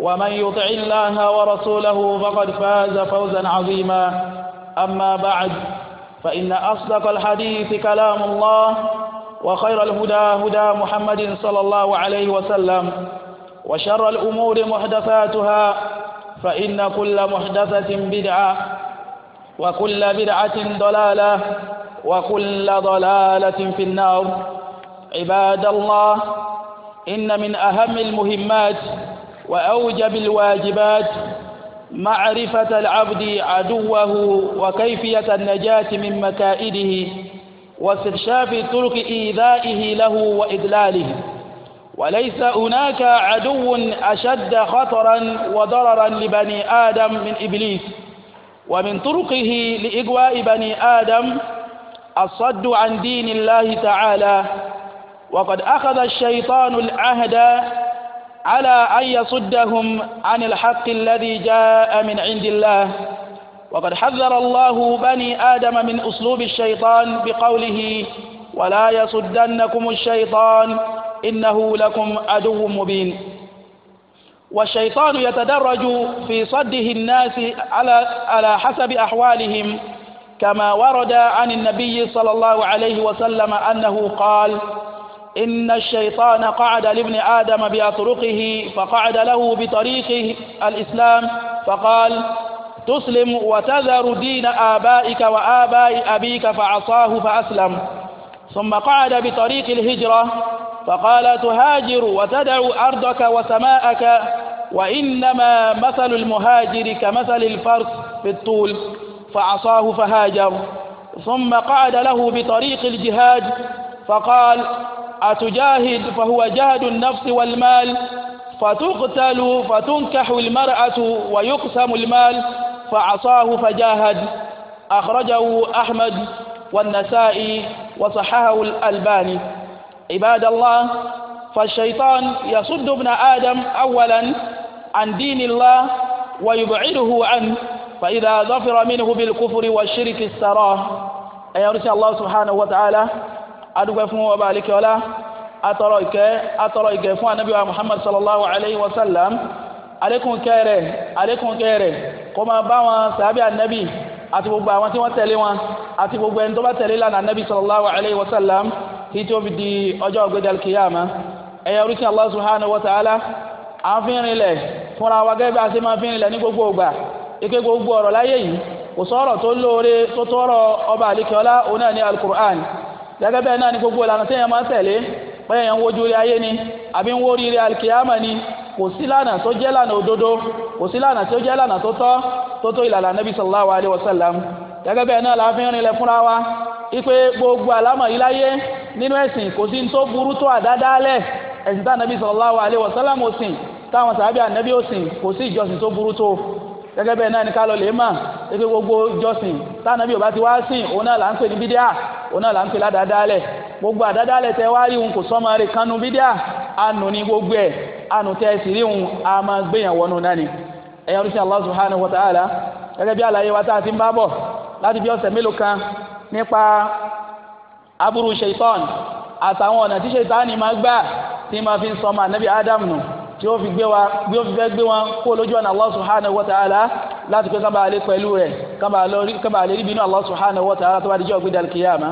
ومن يطع الله ورسوله فقد فاز فوزا عظيما أما بعد فإن أصدق الحديث كلام الله وخير الهدى هدى محمد صلى الله عليه وسلم وشر الأمور محدثاتها فإن كل محدثة بدعة وكل بدعة ضلالة وكل ضلالة في النار عباد الله إن من أهم المهمات وأوجب الواجبات معرفة العبد عدوه وكيفية النجاة من مكائده واستكشاف طرق إيذائه له وإدلاله وليس هناك عدو أشد خطرا وضررا لبني آدم من إبليس ومن طرقه لإغواء بني آدم الصد عن دين الله تعالى وقد أخذ الشيطان العهد على أن يصدهم عن الحق الذي جاء من عند الله وقد حذر الله بني آدم من أسلوب الشيطان بقوله ولا يصدنكم الشيطان إنه لكم عدو مبين والشيطان يتدرج في صده الناس على على حسب أحوالهم كما ورد عن النبي صلى الله عليه وسلم أنه قال إن الشيطان قعد لابن آدم بأطرقه فقعد له بطريقه الإسلام فقال تسلم وتذر دين آبائك وآباء أبيك فعصاه فأسلم ثم قعد بطريق الهجرة فقال تهاجر وتدع أرضك وسماءك وإنما مثل المهاجر كمثل الفرق في الطول فعصاه فهاجر ثم قعد له بطريق الجهاد فقال أتجاهد فهو جهد النفس والمال فتقتل فتنكح المرأة ويقسم المال فعصاه فجاهد أخرجه أحمد والنسائي وصححه الألباني عباد الله فالشيطان يصد ابن آدم أولا عن دين الله ويبعده عنه فإذا ظفر منه بالكفر والشرك السراه أي الله سبحانه وتعالى adúgbẹ́ fún ọba alikiola atọrọ ìkẹ́ atọrọ ìkẹ́ fún anabi wa muhammad sallallahu alayhi wa sallam alekun kẹrẹ alekun kẹrẹ kó máa bá wọn sàbí anabi àti gbogbo àwọn tí wọ́n tẹ̀lé wọn àti gbogbo ẹni tó bá tẹ̀lé lánàá anabi sallallahu alayhi wa sallam tí tí ó fi di ọjọ́ ọgbẹ́dẹ alkiyama ẹ̀yà oríṣi allah subhanahu wa ta'ala à ń fi rinlẹ̀ fúnra wa gẹ́gẹ́ bí a ṣe máa fi rinlẹ̀ ní gbogbo ògbà ike gbogbo ọ̀rọ̀ láyé yìí kò sọ̀rọ̀ tó lóore tó tọ́rọ̀ ọba àlekẹ́ọ́lá òun náà ní alukur'an gẹ́gẹ́ bẹ́ẹ̀ náà ni gbogbo ìlànà tẹ́yàn máa tẹ̀lé bẹ́ẹ̀ yẹn ń wojú rí ayé ni àbí ń wó rí rí alkiyama ni kò sí lànà tó jẹ́ lànà òdodo kò sí lànà tó jẹ́ lànà tó tọ́ tó tó ìlànà nabi sallallahu alayhi wa sallam gẹ́gẹ́ bẹ́ẹ̀ náà la fi ń rinlẹ̀ fúnra wa ipe gbogbo àlámọ̀ yìí láyé nínú ẹ̀sìn kò sí tó burú tó àdádálẹ̀ ẹ̀sìn tá nabi sallallahu alayhi wa sallam ó sìn kò sí ìjọsìn tó burú tó gẹ́gẹ́ bẹ́ẹ̀ náà ni ká lọ lè mà gẹ́gẹ́ gbogbo jọ́sìn táwọn bí o bá ti wá sìn òun náà là ń pè ní bídíà òun náà là ń pè ládàádálẹ̀ gbogbo àdádálẹ̀ tẹ wá rí òun kò sọ́mọ rẹ̀ kánú bídíà àánú ni gbogbo ẹ̀ àánú tẹ sì rí òun a máa gbéyàn wọnú náà ni ẹ̀yà oríṣi Allah subhanahu wa ta'ala gẹ́gẹ́ bí àlàyé wa tá a ti ń bá bọ̀ láti bí ọ̀sẹ̀ mélòó kan nípa aburú ṣèitán àtàwọn ọ̀nà tí ṣèitán ni máa gbà tí máa fi ń sọmọ tí ó fi gbé wa bí ó fi fẹ́ gbé wọn kó lójú ọ̀nà Allah subhanahu wa ta'ala láti pé kábàá lé pẹ̀lú rẹ̀ kábàá lé níbinú Allah subhanahu wa ta'ala tó bá dijọ́ gbéjà kìyàmá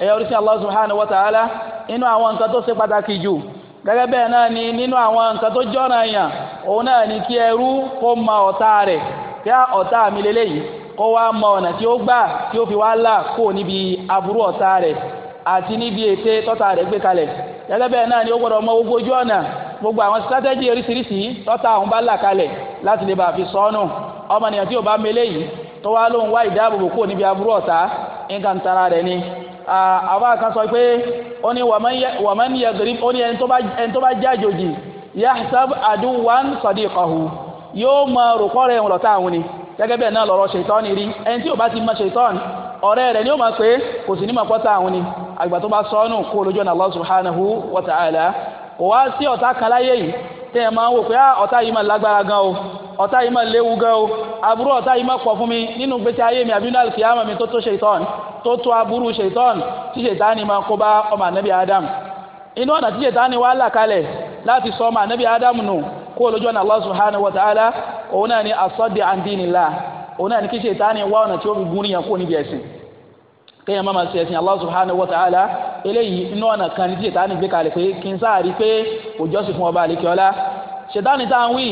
ẹ̀yà oríṣi Allah subhanahu wa ta'ala inú àwọn nǹkan tó ṣe pàtàkì jù gẹ́gẹ́ bẹ́ẹ̀ náà ni nínú àwọn nǹkan tó jọ́ra yàn òun náà ni kí ẹrú kó mọ ọ̀tá rẹ̀ kí ọ̀tá mi lélẹ́yìí kó wá mọ ọ̀nà tí ó gbà tí ó fi wá là kó níbi aburú ọ̀tá rẹ̀ àti níbi ète tọ́ta rẹ̀ gbé kalẹ̀ tẹ́lẹ́bẹ̀ẹ́ náà ni ó gbọ́dọ̀ mọ gbogbo ojú ọ̀nà gbogbo àwọn strategy oríṣiríṣi tọ́ta àwọn bá là kalẹ̀ láti lè bá fi sọ́nù ọmọnìyàn tí ò bá mẹ́lẹ̀ yìí tó wá lóun wá ìdáàbòbò kúrò níbi aburú ọ̀tá nǹkan tara rẹ̀ ni àwọn kan sọ pé ó ní wàmán yagiri ó ní ẹni tó bá jájòjì yahsab aduwan sadiqahu yóò mọ rògbọ́ rẹ̀ ń lọ́tà àwọn ni gẹ́gẹ́ bẹ́ẹ̀ náà lọ́rọ̀ ṣètọ́ni rí ẹni tí ò bá ti mọ ṣètọ́ni ọ̀rẹ́ rẹ̀ ni ó máa pé kò sì ní mọ̀ pọ́tà àwọn ni àgbà tó bá sọnù kó lójú ọ̀nà Allah subhanahu wa ta'ala kò wá sí ọ̀tá kan láyé yìí tẹ́ ẹ máa ń wò pé ah, ọ̀tá yìí máa lágbára gan o ọ̀tá yìí máa léwu gan o aburú ọ̀tá yìí máa pọ̀ fún mi nínú gbèsè ayé mi àbí náà kìá mi tó tó ṣètọ́n tó tó aburú ṣètọ́n tí ṣètáni máa kó bá ọmọ ànábì Adam inú ọ̀nà tí ṣètáni wá là kalẹ̀ láti sọ ọmọ ànábì Adam nù kó lójú ọ̀nà Allah subhanahu wa ta'ala òun náà ni asọ́dẹ̀ andínilá òun náà ni kí ṣètáni wá ọ̀nà tí ó fi gún níyàn kó níbi ẹ̀sìn kéèyàn má máa ṣe ẹ̀sìn Allah subhanahu wa ta'ala eléyìí inú ọ̀nà kan ní tí ìta ní gbé kalẹ̀ pé kí n sáà rí pé ọba àlekè ọlá ṣètánì tá à ń wí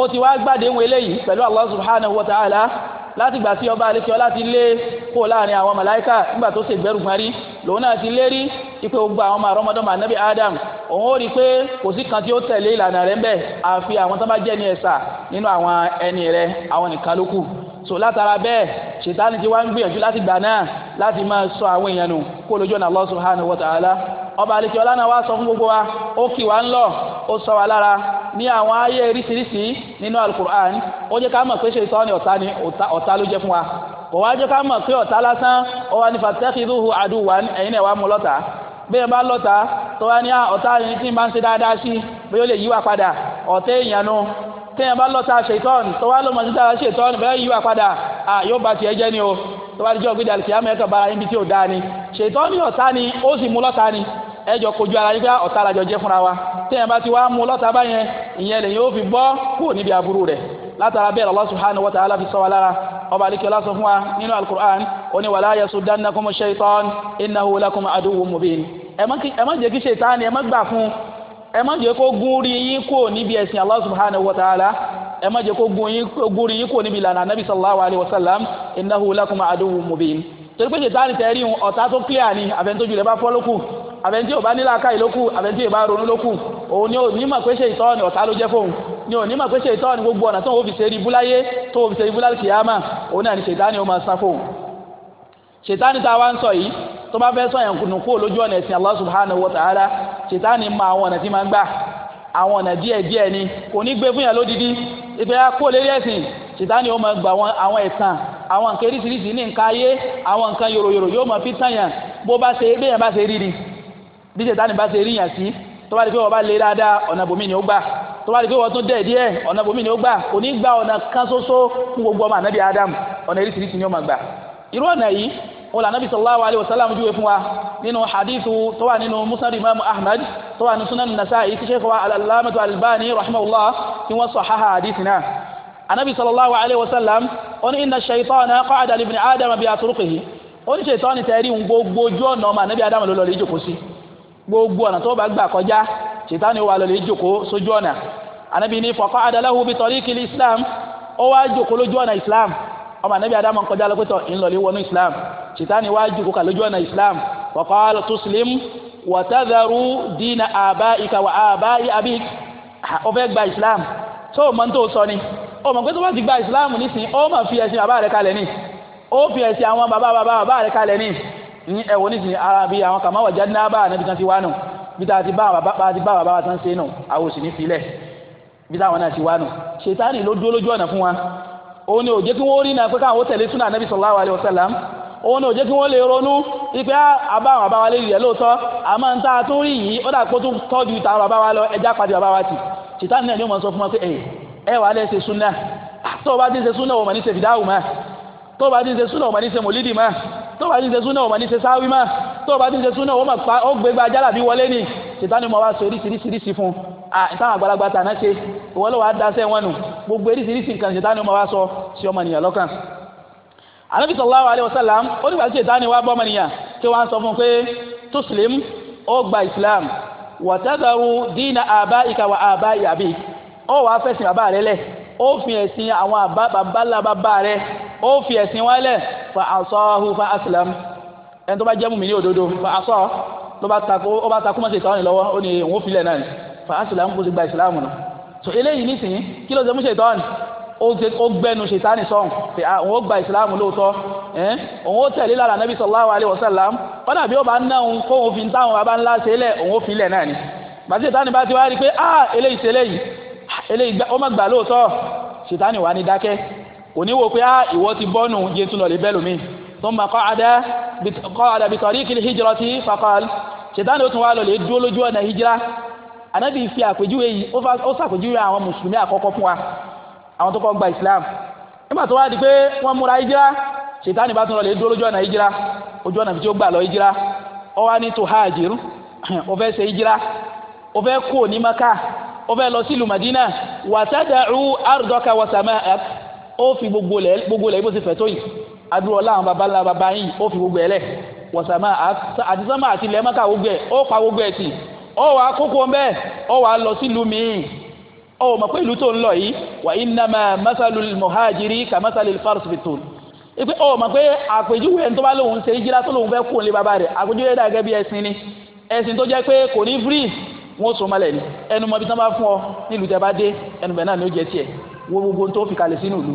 ó ti wá gbàdé wọn eléyìí pẹ̀lú Allah subhanahu wa ta'ala láti gbà sí ọba àlekè ọlá ti lé kó láàrin àwọn màláìkà nígbà tó ṣe gbẹrù rí lòun náà ti lérí gbogbo àwọn ọmọ Adam òun ó rí i pé kò sí kan tí ó tẹ̀lé ìlànà rẹ̀ ń bẹ̀ so látara bẹ́ẹ̀ ṣètánì ti wá ń gbìyànjú láti gbà náà láti máa sọ àwọn èèyàn nù kó lójú ọ̀nà Allah subhanahu wa ta'ala ọba àlekè ọlá náà wá sọ fún gbogbo wa ó kì wá ń lọ ó sọ wá lára ní àwọn ayé eríṣiríṣi nínú alukur'an ó jẹ́ ká mọ̀ pé ṣètánì ọ̀tá ni ọ̀tá ló jẹ́ fún wa kò wá jẹ́ ká mọ̀ pé ọ̀tá lásán ó wá ní fatakiduhu aduwan ẹ̀yin náà wá mú lọ́tà bẹ́ẹ̀ bá lọ́tà tó wá ní ah, ọ̀tá ẹni tí ń bá ń ṣe dáadáa sí bẹ́ẹ̀ ó lè yíwà padà ọ̀tá èèyàn nu téèyàn bá lọ́ta ṣètọ́ọ̀nù tó wá lọ́mọ títà ṣètọ́ọ̀nù bẹ́ẹ̀ yíwà padà yóò bá tiẹ̀ jẹ́ ni o tó bá dijọ́ gbéjà kìí àmọ́ ẹ̀kọ́ bara níbi tí ò dáa ni ṣètọ́ọ̀nù ọ̀tá ni ó sì mú lọ́ta ni ẹjọ́ kojú ara yín ọ̀tá làjọ jẹ́ fúnra wa téèyàn bá ti wá mú lọ́ta báyẹn ìyẹn lè yóò fi bọ́ ẹ má jẹ́ kó gún rí yín kúrò níbi ẹ̀sìn Allah subhanahu wa ta'ala ẹ má jẹ́ kó gún rí yín kúrò níbi ìlànà anabi sallallahu alayhi wa sallam innahu lakum aduwwun mubin torí pé ṣètàn tẹ́rí ń ọ̀tá tó clear ni àfẹnitójú rẹ̀ bá fọ́ lókù àfẹnití ò bá nílà ká ìlókù àfẹnití ò bá ronú lókù òun ni ò ní mọ̀ pé ṣètàn ọ̀tá ló jẹ́ fóun ni ò ní mọ̀ pé ṣètàn gbogbo ọ̀nà tó ń fi ṣe rí tó bá fẹ́ sọ yẹn kùnú kúrò lójú ọ̀nà ẹ̀sìn Allah subhanahu wa ta'ala ṣètánì mọ àwọn ọ̀nà tí máa ń gbà àwọn ọ̀nà díẹ̀ díẹ̀ ni kò ní gbé fún yàn lódìdí ìfẹ́ kó lérí ẹ̀sìn ṣètánì ó máa gba àwọn ẹ̀tàn àwọn nǹkan eríṣiríṣi ní nǹkan ayé àwọn nǹkan yòròyòrò yóò máa fi tàn yàn bó bá ṣe bí yàn bá ṣe rí ni bí ṣètánì bá ṣe rí yàn sí tó bá di pé wọ́n bá lé dáadáa ọ̀nà bòmí ni ó gbà tó bá di pé wọ́n tún dẹ̀ díẹ̀ ọ̀nà bòmí ni ó gbà kò ní gba ọ̀nà kan ṣoṣo fún gbogbo ọmọ ànábì Adam ọ̀nà eríṣiríṣi ni ó máa gbà irú ọ̀nà yìí wọn là nàbì sallallahu alayhi wa sallam júwe fún wa nínú hadithu tó wà nínú musnad imam ahmad tó wà nínú sunan nasa'i tí sheikh wa al-allamatu albani rahimahullah tí wọ́n sahaha hadith náà anabi sallallahu alayhi wa sallam ó ní inna shaytana qa'ada li ibn adam bi atruqihi ó ní shaytani tẹ̀rí ń gbogbo ojú ọ̀nà ọmọ anabi adam ló lọ lè jòkó sí gbogbo ọ̀nà tó bá gbà kọjá shaytani wà lọ lè sójú ọ̀nà anabi ní faqa'ada lahu bi tariqi islam ó wá jòkó lójú ọ̀nà islam ọmọ anabi adamu kọjá lọ́pẹ́tọ̀ ńlọlẹ́ wọnú islam sitani wá jù kókà lójú ọ̀nà islam wa qala tuslim wa tadharu dina abaika wa abai abik ó fẹ́ gba islam tó o mọ tó o sọ ni o mọ̀ pé tó bá ti gba islam nísìnyí ó mà fi ẹ̀sìn bàbá rẹ̀ kalẹ̀ ni ó fi ẹ̀sìn àwọn bàbá bàbá bàbá rẹ̀ kalẹ̀ ni ní ẹ̀wọ̀n nísìnyí ara bíi àwọn kàmá wàjá ní abá ànábi kan ti wá nù bí ti bá bàbá bá ti bá bàbá wa tán ṣe nù àwọn òsì ní filẹ̀ bí táwọn náà ti wá nù ṣètánì ló dúró lójú ọ̀nà fún wa òun ni ò jẹ́ kí wọ́n rí náà pé káwọn tẹ̀lé súnà nẹ́bí sallallahu alaihi wasallam òun ni ò jẹ́ kí wọ́n lè ronú ipe ah, àbáwọn àbáwa lè rí ẹ̀ lóòótọ́ àmọ́ ń tá a tún rí yìí ó dà kó tún tọ́jú tààrọ̀ àbáwa lọ ẹja padì àbáwa tì tìtá nìyẹn ni ó mọ̀ sọ fún wọn pé ẹ eh, ẹ wà á lẹ́ ṣe súnà ah, tó o bá ti ṣe súnà o mọ̀ ní ṣe fìdáhù mọ́ tó o bá ti ṣe súnà o mọ̀ ní ṣe mòlídì mọ́ gbogbo eríṣiríṣi nǹkan ṣètánì ọmọ wa sọ sí ọmọ ènìyàn lọ́kàn anabi sallallahu alayhi wa sallam ó nígbà tí ṣètánì wa bọ́ ọmọ ènìyàn tí wọ́n sọ fún pé tuslim ó gba islam wàtàdàrú dínà àbá ìka wà àbá ìyàbí ó wàá fẹ̀sìn bàbá rẹ lẹ̀ ó fi ẹ̀sìn àwọn àbábàbàlà bàbá rẹ ó fi ẹ̀sìn wọn lẹ̀ fa asọ́hu fa aslam ẹni tó bá jẹ́ mùmí ní òdodo fa asọ́ ló bá takú mọ́sẹ̀ ìtàn lọ́wọ́ ó ní òun ó filẹ̀ náà fa aslam kó ti gba ìsìlámù náà so eléyìí nísìnyí kí ló ṣe mú ṣètọ́ni ó gbẹnu ṣètánì sọ̀hún pé àwọn ah, ó gba ìsìláàmù lóòótọ́ òun ó tẹ̀lé lára nàbí sallallahu alaihi wasallam wọn àbí ó bá ń ná òun kóun fi ń táwọn bàbá ńlá ṣe é lẹ̀ òun ó fi lẹ̀ náà ni bàtí ṣètánì bá ti wá rí i pé ah eléyìí ṣe eléyìí ah, eléyìí ó má gbà lóòótọ́ ṣètánì wà ní dákẹ́ kò ní wo pé ah ìwọ ti bọ́nu jẹ́ tún lọ lè bẹ́ẹ̀ lómi thumma qa'ada bi tariqil hijrati faqal ṣètánì ó tún wá lọ lè dúró lójú ọ̀nà hijira anabi fi àpèjúwe yìí ó sàpèjúwe àwọn mùsùlùmí àkọ́kọ́ fún wa àwọn tó kọ́ gba islam nígbà tó wá di pé wọ́n múra hijira ṣètánì bá tún lọ lè dúró lójú ọ̀nà hijira ojú ọ̀nà tí ó gbà lọ hijira ó wá ní tuhajir ó fẹ́ ṣe hijira ó fẹ́ kó ní maka ó fẹ́ lọ sílùú madina wàtádàrú ardọ́ka wàsàmà ẹ̀p ó fi gbogbo lẹ̀ gbogbo lẹ̀ yìí adúrò láwọn baba ńlá baba yìí ó fi gbogbo ẹ̀ lẹ̀ wàsàmà àti sánmà àti ilẹ̀ maka gbogbo ẹ̀ ó pa gbogbo ẹ̀ sí i ọ wà kókó ń bẹ́ẹ̀ ọ wà lọ sílùú míì ọ mọ̀ pé ìlú tó ń lọ yìí wà innama masalul muhajiri ka masalil farsi fi tòun ipe ọ mọ̀ pé àpèjúwe ẹni tó bá ṣe jíra tó lóun fẹ́ kú òun bàbá rẹ̀ àpèjúwe dà gẹ́gẹ́ bí ẹṣin ni ẹṣin tó jẹ́ pé kò ní free wọn sọ malẹ ni ẹnu mọbi tí wọn fún ọ nílùú tẹ bá dé ẹnu bẹ náà ni ó jẹ tiẹ wo gbogbo tó fi kalẹ̀ sínú ìlú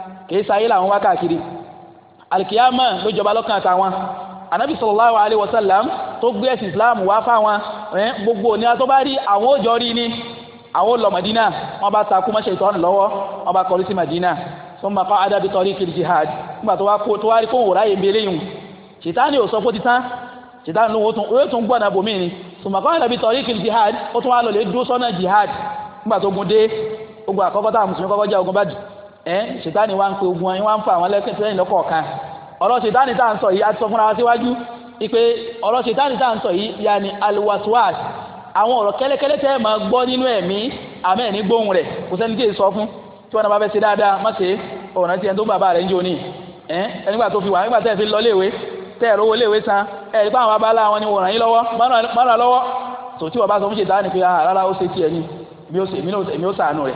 e sáyé làwọn wá káàkiri alikiyama ló jọba lọ́kàn àtàwọn anabi sallallahu alayhi wa sallam tó gbé ẹ̀sìn islam wá fáwọn gbogbo òní tó bá rí àwọn òjò rí ni àwọn lọ madina wọn bá takú mọ́ṣẹ́ ìtọ́nù lọ́wọ́ wọn bá madina summa qa'ada bi jihad nígbà tó wá kó tó wá rí kóhùn ráyè yìí ṣètánì ò sọ tún gbọ́nà jihad ó tún wá lọ dúró sọ́nà jihad nígbà tó gun ẹ ṣètánì ogun anyị wa ń fa àwọn ẹlẹ́sìn sẹ́yìn lọ́kọ̀ọ̀kan ọ̀rọ̀ ṣètánì tá à ń sọ yìí a sọ fúnra wa síwájú ipe ọ̀rọ̀ ṣètánì tá à ń sọ yìí yanni alwaswas àwọn ọ̀rọ̀ kẹ́lẹ́kẹ́lẹ́ tẹ́ ẹ máa gbọ́ nínú ẹ̀mí àmẹ́ ní gbóhùn rẹ̀ kò sẹ́ni tí ì sọ fún tí náà bá fẹ́ ṣe dáadáa má ṣe ọ̀nà tó bàbá rẹ̀ lọ léèwé rówó léèwé san ẹ ni wọ́n yín lọ́wọ́ mọ́nà lọ́wọ́ tòtí bá sọ fún ah, ó ṣe tiẹ̀ ni ó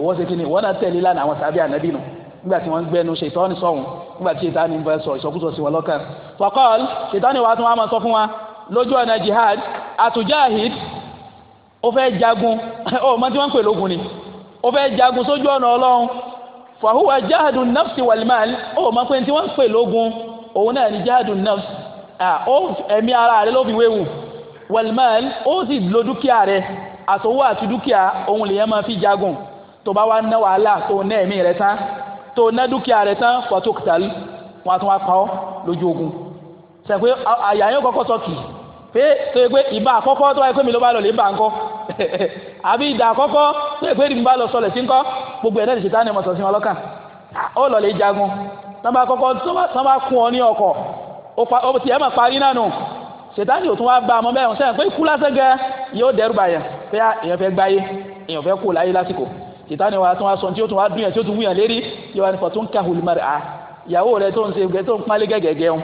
ìwọ́n ṣe kíni ìwọ́n náà tẹ̀lé lánàá àwọn sábẹ́ ànábì nù nígbà tí wọ́n ń gbẹnu ṣètọ́ni sọ̀hún nígbà tí ṣètọ́ni ń bẹ sọ ìsọkúsọ sí wọn lọ́kàn. fọkọ́l ṣètọ́ni wa tún wá máa sọ fún wa lójú ọ̀nà jihad àtújáhid ó fẹ́ jagun ó mọ tí wọ́n ń pè lógun ni ó fẹ́ jagun sójú ọ̀nà ọlọ́run fàhùwà jahadu nafsi walimal ó mọ pé tí wọ́n ń pè lógun òun náà ni jahadu nafsi ẹ̀mí ara rẹ̀ ló fi wéwu walimal ó sì lo dúkìá rẹ̀ àtòwò àti dúkìá òun lèèyàn máa fi jagun tó bá wá ná wàhálà tó ná ẹ̀mí rẹ̀ tán tó ná dúkìá rẹ̀ tán fọ́tò kìtàlú wọn àtúnwá pa ọ́ lójú ogun sẹ pé àyà yóò kọ́kọ́ sọ kì í pé tó yẹ pé ìbá àkọ́kọ́ tó wáyé pé mi ló bá lọ lè bá ńkọ́ àbí ìdá àkọ́kọ́ tó yẹ pé mi bá lọ sọlẹ̀ sí ńkọ́ gbogbo ẹ̀ náà ṣètá ni mọ̀tọ̀ sí wọn lọ́kàn ó lọ lè jagun tọ́ba kọ́kọ́ òtún wá bá ọmọ bẹ́ẹ̀ sẹ́yìn pé ikú yóò dẹ́rù bàyà pé èèyàn fẹ́ gbáyé èèyàn fẹ́ kú láyé lásìkò ìtàní wa tún wá sọ tí ó tún wá dúnyàn tí ó tún wúyàn lérí yóò wá ní fọ tó ń ka hulimari a ìyàwó rẹ tó ń ṣe tó ń pálí gẹ́gẹ́gẹ́ òun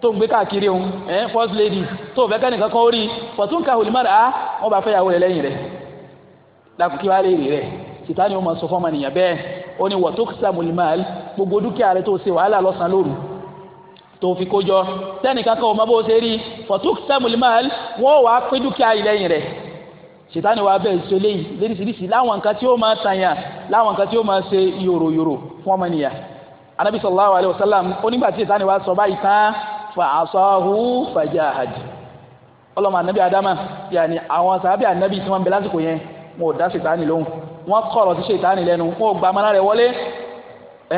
tó ń gbé káàkiri òun ẹ̀ first lady tó fẹ́ kẹ́nìkan kan ó rí fọ tó ń ka hulimari a wọ́n bá fẹ́ ìyàwó rẹ lẹ́yìn rẹ dàkúkí wá lè rí rẹ ìtàní ó máa sọ fọ́ọ̀mà nìyàn bẹ́ẹ̀ ó ní wọ́n tó kí sàmùlímàlì gbogbo dúkìá rẹ tó ṣe wàhálà lọ́sàn lóru tó fi kójọ tẹ́nìkan kan ò bó ṣe rí fọ tó wọ́n wàá pín dúkìá yìí lẹ́yìn rẹ̀ ṣètánì wa bẹ́ẹ̀ ṣe léyìí léríṣiríṣi láwọn nǹkan tí ó máa tanya, láwọn nǹkan tí ó máa ṣe yòròyòrò fún ọmọnìyàn anabi sallallahu alayhi wa sallam ó nígbà tí ṣètánì wa sọ báyìí tán fa asahu fajahad ọlọ́mọ anabi adama yàní àwọn sàbí anabi tí wọ́n bẹ lásìkò yẹn wọn ò dá ṣètánì lóhùn wọ́n kọ̀rọ̀ sí ṣètánì lẹ́nu wọn ò gba amánà rẹ̀ wọlé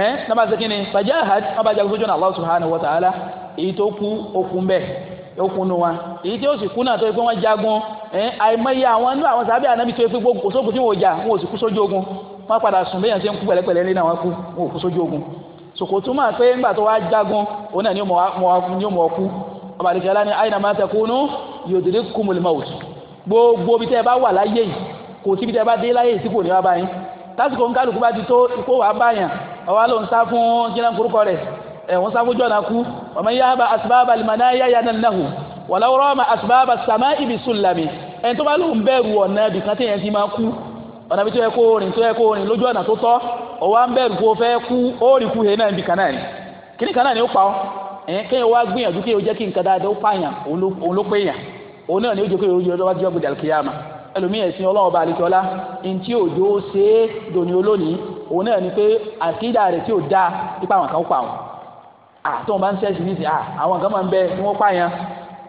ẹ̀ nàbà ṣe kíni fajahad wọn bá jagun sójú ọ̀nà Allah subhanahu wa ta'ala èyí tó kú okun bẹ́ẹ̀ okun nu wa èyí tí sì kú náà tó yẹ pé wọ́n jagun àìmọye àwọn inú àwọn sábẹ́ ànábì tó yẹ pé gbogbo sóògùn tí wọ́n jà wọn ò sì kú sójú ogun wọ́n padà sùn bẹ́yàn ṣe ń kú pẹ̀lẹ́pẹ̀lẹ́ ní àwọn kú wọn ò kú sójú ogun sòkòtò máa pé ńgbà tó wá jagun òun náà ni ó mọ̀ ọkú ọba àdìsẹ́ alá ní àyìnà máa tẹkúnú yóò dìde kúmùlì maut gbogbo bí tẹ́ bá wà láyé yìí kò sí bí tẹ́ bá dé láyé tí kò ní wá báyìí lásìkò ń wàláwọ́ rọ́ọ̀mà ma sàmá ibi sùlámì ẹni tó bá lóun bẹ̀rù ọ̀nà ibi kan téèyàn ti máa kú ọ̀nà ibi tó yẹ kó rìn tó yẹ kó rìn lójú ọ̀nà tó tọ́ ọ̀wá ń bẹ̀rù kó fẹ́ kú ó rìn kú hẹ́ náà ibi kan náà ni kíní kan náà ni ó pa ọ́ ẹ̀yìn kéèyàn wá gbìyànjú kéèyàn jẹ́ kí nǹkan dáadáa ó pààyàn òun ló péyàn òun náà ni ó jẹ́ kéèyàn ó jẹ́ ọjọ́ wájú ọgbẹ̀dẹ̀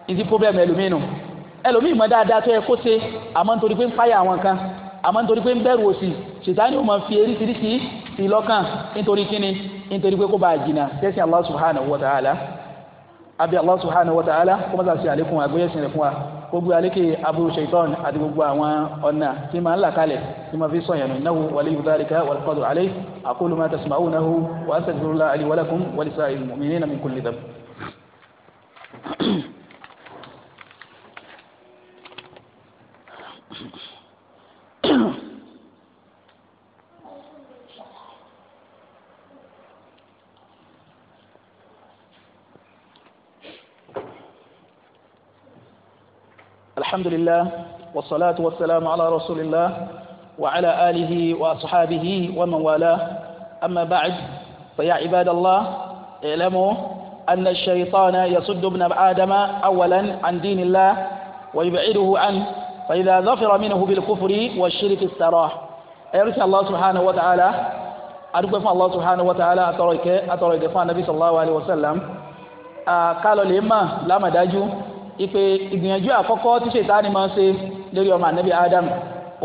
ìdí problem ẹlòmíì nù ẹlòmíì mọ dáadáa tó yẹ kó ṣe àmọ́ nítorí pé ń fáyà àwọn kan àmọ́ nítorí pé ń bẹ̀rù òṣì ṣètánì ó máa fi eríṣiríṣi sí lọ́kàn nítorí kíni nítorí pé kó bá a jìnnà tẹ́sí Allah subhanahu wa ta'ala abi Allah subhanahu wa ta'ala kó má sàṣe àlékún àgbéyẹ̀sìn rẹ̀ fún wa gbogbo alékè aburú ṣètọ́n àti gbogbo àwọn ọ̀nà tí máa ń là kalẹ̀ tí máa fi sọ̀yàn nù innahu waliyyu dhalika wal qadiru alayhi aqulu ma tasma'unahu wa astaghfirullaha li wa lakum wa lisa'il mu'minina min kulli dhanb. الحمد لله والصلاة والسلام على رسول الله وعلى آله وأصحابه ومن والاه أما بعد فيا عباد الله اعلموا أن الشيطان يصد ابن آدم أولا عن دين الله ويبعده عنه فإذا ظفر منه بالكفر والشرك استراح أيرسى الله سبحانه وتعالى أدوكم الله سبحانه وتعالى أترك أترك النبي صلى الله عليه وسلم آه، قالوا لما لما داجوا ìpè ìgbìyànjú àkọ́kọ́ tí ṣètánì máa ń ṣe lórí ọmọ ànábì ádámù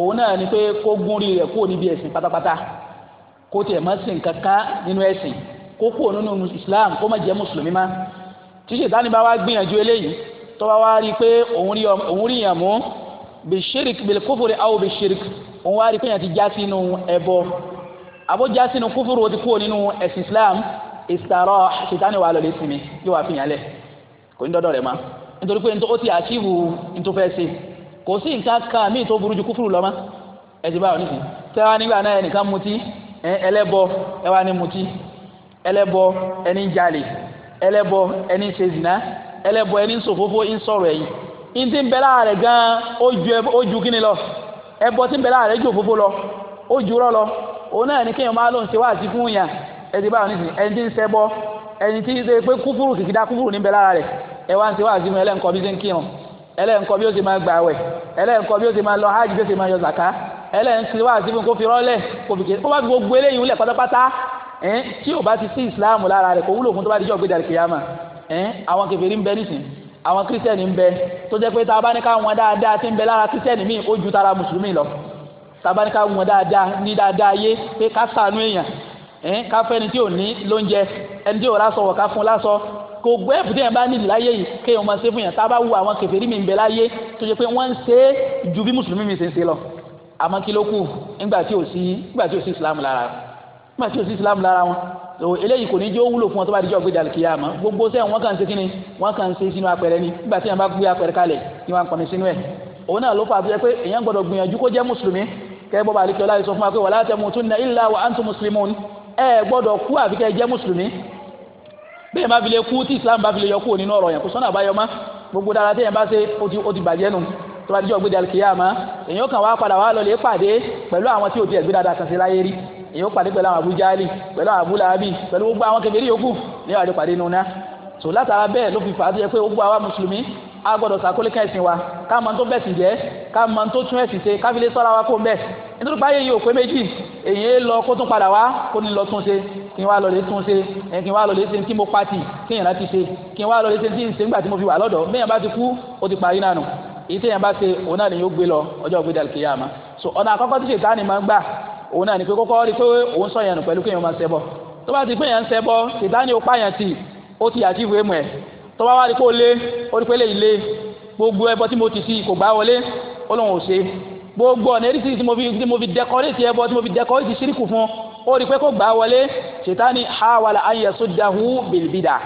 òun náà ni pé kó gúnrí rẹ̀ kúrò níbi ẹ̀sìn pátápátá kó tiẹ̀ má sìn kankan nínú ẹ̀sìn kó kúrò nínú islam kó má jẹ́ mùsùlùmí má tí ṣètánì bá wá gbìyànjú eléyìí tó bá wá rí i pé òun rí yàn mú bishirik bilkufuri awo bishirik òun wá rí i pé yàn ti já sínú ẹbọ àbó já sínú kúfúrú ó ti kúrò nínú ẹ̀sìn islam ìsàrọ̀ ṣètánì wà lọ lé sinmi yóò wá fi yàn lẹ̀ kò ní dọ́dọ̀ rẹ̀ máa nítorí pé ó ti àṣìwò nítorí fẹ́ ṣe kò sí nǹkan kan míì tó burú ju kúfùrù lọ́mọ ẹ ti bá wọn nísìnyí tẹ́ wá nígbà náà ẹnìkan mutí ẹlẹ́bọ ẹ ni ní mutí ẹlẹ́bọ ẹni ń jalè ẹlẹ́bọ ẹni ń ṣe zìnà ẹlẹ́bọ ẹni ń ṣòfófó ń sọ̀rọ̀ ẹ̀yìn ní ti ń bẹ láàrẹ̀ gan-an ó ju kíni lọ ẹbọ ti ń bẹ láàrẹ̀ ju òfófó lọ ó ju lọ òun náà ní kéèyàn máa lóun ṣe wáàsí fún yàn ẹ ti bá ẹni ti ń ṣẹbọ ẹni tí ṣe pé kúfúrú kìkìdá kúfúrú níbẹ̀ lára rẹ̀ ẹ wá ń ṣe wáàzí mu ẹlẹ́nkọ́ bí ṣe ń kírun ẹlẹ́nkọ́ bí ó ṣe máa gbà wẹ̀ ẹlẹ́nkọ́ bí ó ṣe máa lọ hajj bí ó ṣe máa yọ zàká ẹlẹ́nkọ́ wáàzí mu kó fi rọ́lẹ̀ kó fi kéde ó bá fi gbogbo eléyìí ńlẹ̀ pátápátá ẹ̀ẹ́n tí ò bá ti sí ìsìláàmù lára rẹ̀ kò wúlò fún tó bá di jọ́ gbé dàrí kìyàmà ẹ̀ẹ́n àwọn kèfèrí ń bẹ nísìn àwọn kírísítẹ́nì ń bẹ tó jẹ́ pé tá wọn dáadáa tí ń bẹ lára kírísítẹ́nì míì ó ju tara mùsùlùmí lọ tabanika wọn dáadáa ní dáadáa yé pé ká ṣàánú èèyàn ẹ̀ẹ́n ká fẹ́ni tí ò ní lóúnjẹ ẹni tí yóò lásọ wọ̀ká fún lásọ kò gbọ́ ẹ̀bùn tí yẹn bá nílì láyé yìí kéèyàn máa ṣe fún yẹn tá a bá wu àwọn kèfèrí mi ń bẹ láyé tó ṣe pé wọ́n ń ṣe ju bí mùsùlùmí mi ṣe ń ṣe lọ àmọ́ kí ló kù nígbà tí ò sí nígbà tí ò sí islam lára nígbà tí ò sí islam lára wọn so eléyìí kò ní jẹ́ ó wúlò fún ọ tó bá di jọ́ gbé dàlùkì yá mọ́ gbogbo sẹ́yìn wọ́n kàn ń ṣe kíni wọ́n kàn ń ṣe sínú apẹ̀rẹ̀ ni nígbà tí yẹn bá gbé apẹ̀rẹ̀ kalẹ̀ ni wọ́n á pọnmi illa wa antum muslimun ẹ gbọ́dọ̀ kú àfi kẹ́ jẹ́ mùsùlùmí bẹ́ẹ̀ bá fi lè kú tí islam bá fi lè yọ kúrò nínú ọ̀rọ̀ yẹn kò sọ́nà àbáyọ mọ́ gbogbo dára téèyàn bá ṣe ó ti bàjẹ́ nù tó bá dijọ́ gbé dalí kìyà mọ́ èyàn kan wá padà wá lọ lè pàdé pẹ̀lú àwọn tí ò tiẹ̀ gbé dáadáa kan sí láyé rí èyàn pàdé pẹ̀lú àwọn abújáàlì pẹ̀lú àwọn abúláàbì pẹ̀lú gbogbo àwọn kèfèrí yòókù ní àwọn àdépàdé nù ná tò látara bẹ́ẹ̀ ló fi fà á tó yẹ pé gbogbo àwa mùsùlùmí a gbọ́dọ̀ sàkólé ẹ̀sìn wa ká mọ tó bẹ̀sìn jẹ́ ká mọ tó tún ẹ̀sìn ṣe ká fi lè sọ́ra wa kó ń bẹ̀ nítorí báyé yìí ò pé méjì èyí lọ kó tún padà wá kó ní lọ tún ṣe kí n wá lọ lè tún ṣe ẹ kí n wá lọ lè ṣe tí mo pati kí èèyàn láti ṣe kí n wá lọ lè ṣe tí n ṣe ńgbà tí mo fi wà lọ́dọ̀ bẹ́ẹ̀ bá ti kú ó ti parí nánu èyí téèyàn bá ṣe òun náà ni yóò gbé lọ ọjọ́ ògbé dàlùkì yá àmà so ọ̀nà àkọ́kọ́ tí ṣètánì máa ń gbà òun náà ni pé kókó rí pé òun sọ yẹnu pẹ̀lú kéèyàn máa ń ṣẹbọ tó bá ti pé yẹn ń ṣẹbọ ṣètánì ó pààyàn tì ó ti àjíwò èmù ẹ̀ tó bá wá rí pé ó lé ó rí pé lè lé gbogbo ẹbọ tí mo ti sí kò gbá wọlé ó ó rí pé kó gbà wọlé ṣètánì hawala ayẹ sódàhù bìlbìdà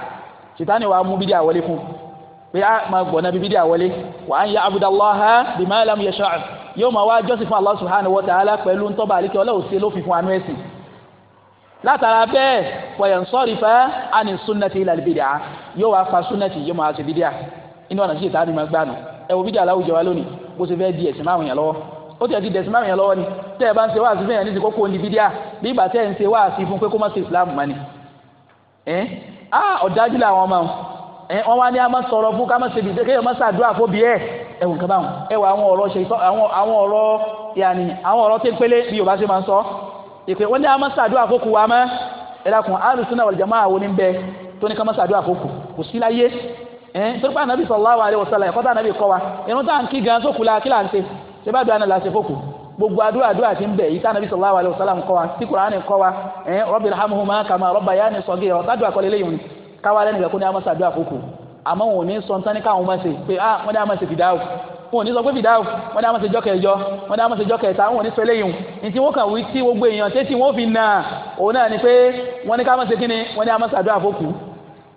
ṣètánì wàá mú bídíà wọlé fún pé á máa gbọ̀nà bí bídíà wọlé wà á ń yá abudallaha bima lam yasha yóò máa wá jọ́sìn fún Allah subhanahu wa ta'ala pẹ̀lú ntọ́ba àríkẹ́ ọlọ́wọ́ sí lófin fún anú látara bẹ́ẹ̀ fọyẹ̀nsọ́rìfẹ́ àní súnnàtì ilal bìdà yóò wá fa súnnàtì yóò máa ṣe bídíà inú ọ̀nà ó ti ẹ̀ ti dẹ̀sìn máa yẹn lọ́wọ́ ni tẹ́ ẹ bá ń ṣe wáàsí fún yẹn ní ti kókó ní bídíà bí ìgbà tẹ́ ẹ ń ṣe wáàsí fún pé kó má ṣe islam mọ́ ni ẹ́n á ọ̀dájú làwọn ọmọ ẹ̀ wọ́n wá ní a máa sọ̀rọ̀ fún ká má ṣe bìtẹ́ kéèyàn má ṣàdúrà fóbi ẹ̀ ẹ̀wọ̀n kan báwọn ẹwà àwọn ọ̀rọ̀ ṣe sọ àwọn ọ̀rọ̀ yàní àwọn ọ̀rọ̀ tí ń pélé bí Yorùbá ṣe máa ń sọ ìpè wọ́n ní a máa ṣàdúrà fókù wa mọ́ ẹ̀dàkùn alùsùnà wal jamaa àwọn oníbẹ̀ tó ní ká má ṣàdúrà fókù kò sí láyé ẹ̀ torípa ànábì sallallahu alaihi wasallam ẹ̀kọ́ tá ànábì kọ́ wa ìrún tá à ń kí gan sókù kí là ń ṣe sẹ́bàdù àná la ṣe fòkù gbogbo adua àdúrà ti ń bẹ̀ yìí tí Ànábì sallallahu alaihi wasallam kọ́ wa tí Kùránì kọ́ wa ẹ̀ Rabbirhamhuma kama rabbayani saghira ọ̀tàdùn àkọlẹ̀ lẹ́yìn káwa lẹ́nu ìgbà kó ní amọ̀sá àdúrà fòkù àmọ́ wọn ò ní sọ ntánì káwọn máa ṣe pé ah wọ́n ní a máa ṣe fìdáwò wọn ò ní sọ pé fìdáwò wọ́n ní a máa ṣe jọ́kẹ̀ ẹjọ́ wọ́n ní a máa ṣe jọ́kẹ̀ ẹ̀ta wọn ò ní sọ eléyìí ní tí wọ́n kàn wí tí gbogbo èèyàn tẹ́tí wọ́n fi nà òun náà ni pé wọ́n ní ká máa ṣe kíni wọ́n ní a máa ṣe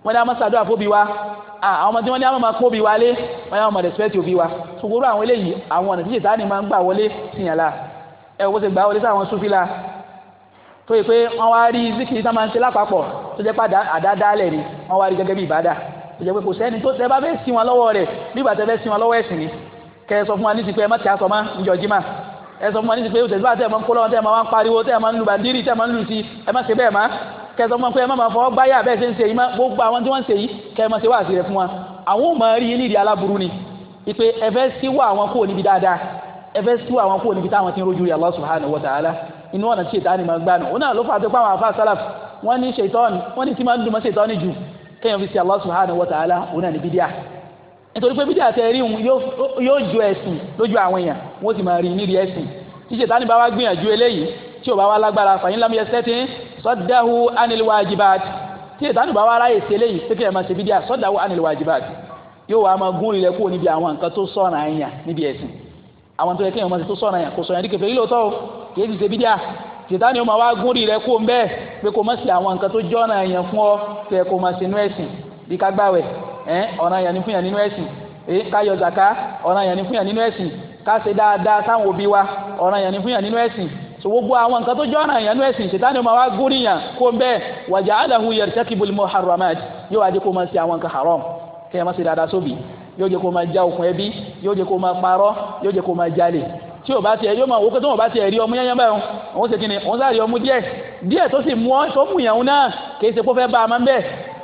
wọ́n ní a máa ṣàdúrà fóbi wa àwọn ọmọdé wọ́n ní a máa máa kóbi wa lé wọ́n ní a máa respect òbí wa ṣùgbọ́n àwọn eléyìí àwọn ọ̀nà tíjì sáà ni máa ń gbà wọlé síyànlá ẹ wọ́n ti gbà wọlé sáwọn súfìlà tó yẹ pé wọ́n wá rí zikiri tá máa ń ṣe lápapọ̀ tó jẹ́ pé àdádálẹ̀ ni wọ́n wá rí gẹ́gẹ́ bí ìbádà tó jẹ́ pé kò sẹ́ni tó tẹ́ bá fẹ́ sin wọn lọ́wọ́ rẹ̀ bí ìgbà tẹ́ fẹ́ sin wọn lọ́wọ́ ẹ̀sìn ni kẹ́ ẹ sọ fún wa ní pé ẹ má ti aṣọ mọ́ níjọ́ jimá ẹ sọ fún wa ní ti pé òtẹ̀síwá tẹ́ ẹ máa ń kó lọ́wọ́ tẹ́ ẹ máa ń pariwo tẹ́ ẹ máa ń lu bàndírì tẹ́ ẹ máa ń lu ti ẹ má ṣe bẹ́ẹ̀ má kẹsàn mọ pé ẹ má máa fọwọ́ gbáyà bẹ́ẹ̀ ṣe ń ṣe yìí má gbogbo àwọn tí wọ́n ń ṣe yìí kẹ ẹ má ṣe wá àṣírí fún wa àwọn ò máa rí yín nídìí aláburú ni ìpè ẹ fẹ́ síwọ́ àwọn kúrò níbi dáadáa ẹ fẹ́ síwọ́ àwọn kúrò níbi táwọn ti ń rojú rí Allah subhanahu wa ta'ala inú ọ̀nà tí ìtaní máa ń gbà nù ó náà ló fà á tó pé àwọn àfa sálàf wọ́n ní ṣètọ́ni wọ́n ní tí máa ń dùnmọ́ ṣètọ́ni jù kéèyàn fi ṣe Allah subhanahu wa ta'ala òun náà ní bídíà nítorí pé bídíà tẹ rí òun yóò ju ẹ̀sìn lójú àwọn èèyàn wọ́n sì máa rí nídìí ẹ̀sìn tí ṣètọ́ni bá wá gbìyànjú eléyìí tí ò bá wá lágbára fàyín lámúyẹ sẹ́tìn sọ́dáhu anilwajibat tí ìtànù bá wá ráyè ṣe léyìí pé kí ẹ máa ṣe bídíà sọ́dáhu anilwajibat yóò wá máa gún ilẹ̀ kúrò níbi àwọn nǹkan tó sọ̀rọ̀ àyàn níbi ẹ̀sìn àwọn tó yẹ kéèyàn máa ṣe tó sọ̀rọ̀ àyàn kò sọ̀rọ̀ àyàn kẹfẹ́ lílọ́tọ́ o kìí ti ṣe bídíà tìtánì ó máa wá gún ilẹ̀ kúrò ńbẹ́ pé kò má ṣe àwọn nǹkan tó jọ́nà ọ̀nà àyàn fún yàn so gbogbo àwọn nǹkan tó jọ́nà yẹn ní ẹ̀sìn ṣètánì ma wá gúrí yàn kó bẹ́ẹ̀ wàjà aláhu yartakibul muharramat yóò wá jẹ́ kó máa ṣe àwọn nǹkan haram kí ẹ má ṣe dáadáa sóbì yóò jẹ́ kó máa já okùn ẹbí yóò jẹ́ kó máa parọ́ yóò jẹ́ kó máa jalè tí o bá tiẹ̀ yóò máa wò pé tó o bá tiẹ̀ rí ọmú yẹn yẹn òun ṣe kíni òun sáré ọmú díẹ̀ díẹ̀ tó sì mú ọ tó mú yẹn náà kì í ṣe kó fẹ́ bá a máa ń bẹ́ẹ̀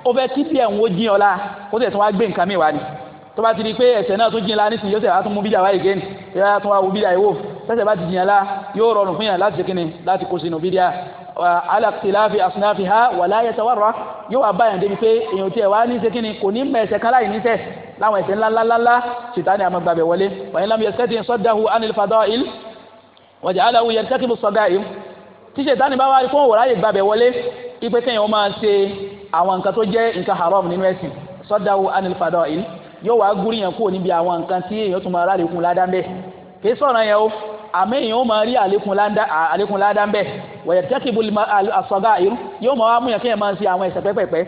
ó fẹ́ kí díẹ̀ ń wo jí ọ̀la kó sì tún wá gbé nǹkan mìíràn ni tó bá ti di pé ẹ̀ṣẹ̀ náà tún jìn la nísìnyí yóò ṣe àtún mú bíjà wáyé gẹ́n yóò tún wá wo bíjà ìwò tẹ́ṣẹ̀ bá ti jìn la yóò rọrùn fún yàn láti ṣe kíni láti kó sínú bíjà alakilafi asunafi ha wàlá yatawarra yóò wá báyàn débi pé èèyàn tiẹ̀ wá ní ṣe kíni kò ní mọ ẹ̀ṣẹ̀ kan láì níṣẹ́ láwọn ẹ̀ṣẹ̀ ńláńláńlá ṣìtánì àmọ́gbàbẹ̀ wọlé wàyí lámì ẹ̀sẹ̀tì sọ́dáhu anil fadail wàjà aláwo yẹn yóò wá gúrí yẹn kúrò níbi àwọn nǹkan tí èèyàn tún máa rà lékun ládá mbẹ kìí sọ̀rọ̀ yẹn o àmọ́ èèyàn ó máa rí àlékun ládá mbẹ wọ̀yẹ̀ tẹ́kì bu àsọ̀gá irú yóò máa wá mú yẹn kéèyàn máa ń ṣe àwọn ẹ̀ṣẹ̀ pẹ́pẹ́pẹ́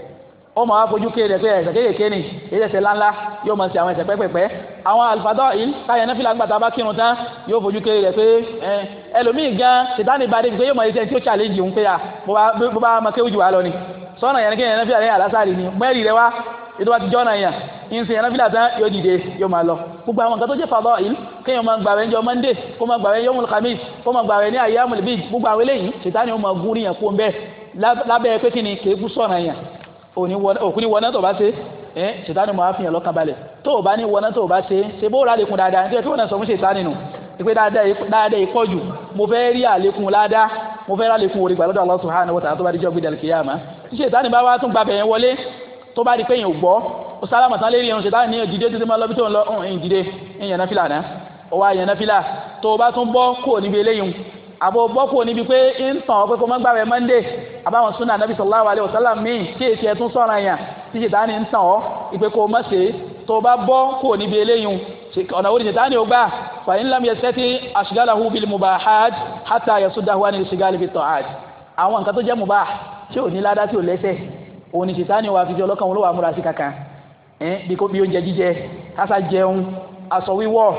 ó máa wá fojú kéèyàn pé ẹ̀ṣẹ̀ kéèké ni èyí ẹ̀ṣẹ̀ ńláńlá yóò máa se àwọn ẹ̀ṣẹ̀ pẹ́pẹ́pẹ́ àwọn alifadọ́ yìí káyọ̀ náà fi làǹgbà tá a bá kírun tán yóò fojú kéèyàn pé ẹlòmíì gan ṣètánì bá débi pé yóò máa ṣe tí ó challenge òun pé à bó bá máa kéwù jù wá lọ ni sọ́nà yẹn kéèyàn náà fi àlẹ́ ni mẹ́rì rẹ wá ètò bá ti jọ́ náà yàn ìsìn ẹ̀rọ fílà tán yóò dìde yóò máa lọ gbogbo àwọn nǹkan tó jẹ́ fàbọ̀ yìí kéèyàn máa gbàwẹ̀ ńjọ́ mọ́ndé kó máa gbàwẹ̀ yọ́mùl khamis kó máa gbàwẹ̀ ní àyè amúlẹ̀bí gbogbo àwọn eléyìí ṣètánì ó máa gún ríyàn fún bẹ́ẹ̀ lábẹ́ pé kí ni kéékù sọ̀nà yàn òkú ni wọná tó bá ṣe ẹ ṣètánì máa fihàn lọ́kàn balẹ̀ tó o bá ní wọná tó o bá ṣe ṣe bó rà lẹ́kùn dáadáa nítorí pé wọ́n sọ fún ṣètánì nù ìpè dáadáa ikọ́ jù mo fẹ́ rí àlékún ládàá mo fẹ́ rà lẹ́kùn orí gbàlódà Allah subhanahu wa ta'ala tó bá dijọ́ gbé dàlùkìyàmá ṣíṣe ìtàní bá wá tún gbàbẹ̀ yẹn wọlé tó bá di pé yẹn ò gbọ́ ó sálámà tán lérí ẹ̀hún ṣètá ní ìdíde títí máa lọ́bí tó ń lọ ọ̀hún ìdíde ìyẹn náà fìlà náà ó wá ìyẹn náà fìlà tó o bá tún bọ́ kúrò níbi eléyìí àbò bọ́ kúrò níbi pé ń tàn ọ́ pé kó má gbààwẹ̀ Monday àbáwọn súnà nàbí sallallahu alaihi wasallam míì tí èsì ẹ̀tún sọ̀rọ̀ yẹn tí ṣètá ní ń tàn ọ́ ìpè kó o má tó bá bọ́ kúrò níbi eléyìí ọ̀nà wo ni ṣètá ní o gbà fa in lam yastati ashgalahu bil mubahat hatta yasuddahu anil shigali bit ta'at àwọn nǹkan tó jẹ́ mubah tí ò ní ládá tí ò lẹ́sẹ̀ òun ni ṣètánì wà fi jọ lọ́kàn wọn ló wà múra sí kankan ẹ̀ bí kò bí oúnjẹ jíjẹ kásá jẹun aṣọ wíwọ̀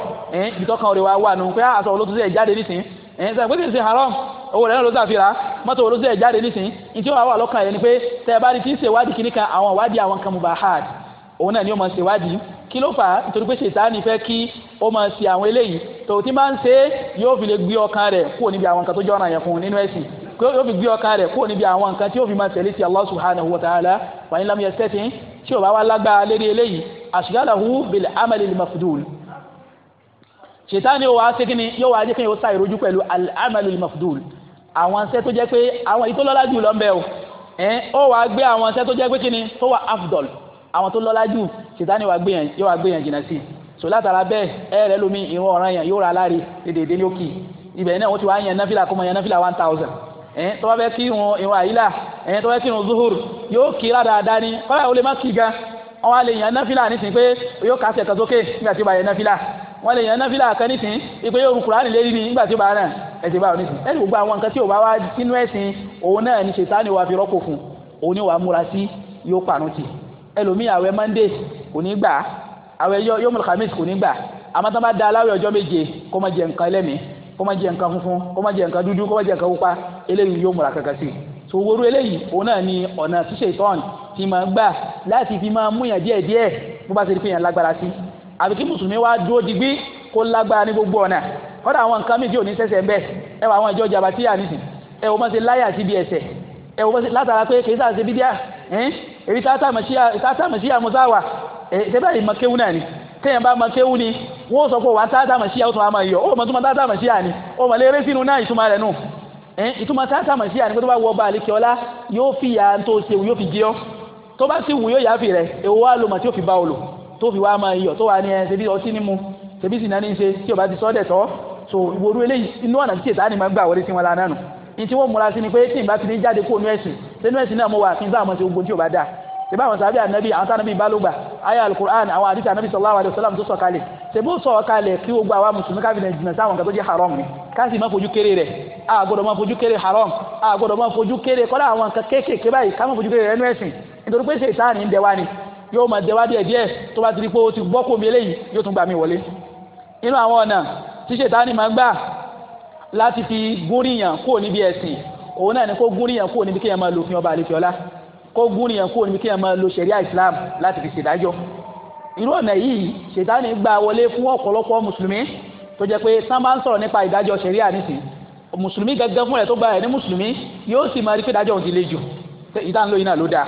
ẹ̀ bí tọ́kàn rẹ̀ wá wà nù pé ah, aṣọ olótútù ẹ̀ jáde nísìn ẹ̀ sọ pé kìí ṣe haram owó rẹ̀ náà ló sàfihàn mọ́tò olótútù ẹ̀ jáde nísìn ní tí wọ́n wà lọ́kàn rẹ̀ ni pé tẹ́ ẹ bá rí tí ń ṣèwádìí kìíní kan àwọn ìwádìí àwọn kan mubahad òun náà ni ó máa ṣèwádìí kí ló fà á nítorí pé ṣètánì fẹ́ kí ó máa ṣe àwọn eléyìí tòun tí bá ń ṣe yóò fi lè gbé ọkàn rẹ̀ kúrò níbi àwọn nǹkan tó jọ́ràn yẹn fún un nínú ẹ̀sìn yóò fi gbé ọkàn rẹ̀ kúrò níbi àwọn nǹkan tí yóò fi máa tẹ̀lé ti Allah subhanahu wa ta'ala wa in lam yastati tí o bá wá lágbára lérí eléyìí ashghalahu bil amali al mafdul ṣètánì yóò wá ṣe kí ni yóò wá jẹ́ kí yóò sa ìrojú pẹ̀lú al amali al mafdul àwọn iṣẹ́ tó jẹ́ pé àwọn èyí tó lọ́lá jù lọ ń bẹ o ẹ̀ ó wá gbé àwọn iṣẹ́ tó jẹ́ pé kí tó wà afdol àwọn tó lọ́lá jù ṣètánì wá gbé yẹn yóò wá gbé yẹn jìnnà sí ẹ̀ẹ́n tó bá fẹ́ kí wọn ìwọ̀n àyílà ẹ̀ẹ́n tó bá fẹ́ kí wọn zuhur yóò kí ládàáda ni kọ́lá ó lè má kí gan wọ́n wá lè yàn náfìlà nísìn pé yóò kà á sẹ̀kàn sókè nígbà tí ó bá yẹ náfìlà wọ́n lè yàn náfìlà kan nísìn ìpè yóò kúránì lérí ni nígbà tí ó bá rẹ̀ ẹ̀sìn bá onísìn ẹ̀sìn gbogbo àwọn nǹkan tí ò bá wá sínú ẹ̀sìn òun náà ni ṣètánì wàá fi rọ́pò fún òun ni wàá múra sí yóò pàrọ̀ tì ẹlòmíì àwẹ̀ monday kò ní gbà àwẹ̀ yọmul khamis kò ní gbà àmọ́ tó bá da aláwẹ̀ ọjọ́ méje kó má jẹ nǹkan ẹlẹ́mìí kó má jẹ nǹkan funfun kó má jẹ nǹkan dúdú kó má jẹ nǹkan pupa eléyìí yóò múra kankan sí i so wóró eléyìí òun náà ni ọ̀nà tí Ṣaitan ti máa gbà láti fi máa múyàn díẹ̀ díẹ̀ bó bá ti di pé yàn lágbára sí àbí kí mùsùlùmí wá dúró digbí kó lágbára ní gbogbo ọ̀nà kọ́dà àwọn nǹkan méjì ò ní sẹ́sẹ̀ ń bẹ̀ ẹ wà àwọn ìjọ jabatíyà nìsín ẹ wò ó ṣe láyà síbi ẹsẹ̀ ẹ wò ó ṣe látara pé kì í sáà ṣe bídíà èyí tá a tá àmọ̀ síyà musa wà ẹ ṣẹ́ báyìí mọ kéwú náà ni téèyàn bá ma kéwú ni wọ́n sọ pé wà á táàtà màsíyà ó tún wà á máa yọ ó mọ̀ tún ma táàtà màsíyà ni ó mọ̀ léré sínú náà ìtumọ̀ rẹ̀ nù ìtumọ̀ táàtà màsíyà ni pé tó bá wọ ọba àlekèọlá yóò fi ya tó ṣe bá sì wù yóò fi bá tó ṣe so ìwòrú eléyìí inú ọ̀nà tí ètà ni máa gbà wọlé sí wọn lánàá nù ní tí wọ́n múra sí ni pé ṣe bá àwọn sàbí ànábì àwọn sànábì bá ló gbà ayé alukur'an àwọn àdìsí ànábì sallallahu alaihi wasallam tó sọ kalẹ̀ ṣe bó sọ kalẹ̀ kí gbogbo àwa mùsùlùmí káfíńtà jìnnà sáwọn nǹkan tó jẹ́ haram ni káàsì má fojú kéré rẹ̀ a gbọ́dọ̀ má fojú kéré haram a gbọ́dọ̀ má fojú kéré kọ́lá àwọn nǹkan kéékèèké báyìí ká má fojú kéré rẹ̀ ẹnu ẹ̀sìn nítorí pé ṣe ìsáàní ń dẹwà ni yóò máa dẹwà díẹ̀ díẹ̀ kó gún nìyẹn kúrò níbi kí ẹ máa lo ṣẹ̀ríà islam láti fi ṣèdájọ́ irú ọ̀nà yìí ṣètánì gbà wọlé fún ọ̀pọ̀lọpọ̀ mùsùlùmí tó jẹ́ pé tán bá ń sọ̀rọ̀ nípa ìdájọ́ ṣẹ̀ríà nísìn mùsùlùmí gẹ́gẹ́ fún ẹ̀ tó gba ẹ̀ ní mùsùlùmí yóò sì máa rí pé ìdájọ́ òun ti le jù ìdánilóyún yìí náà ló dáa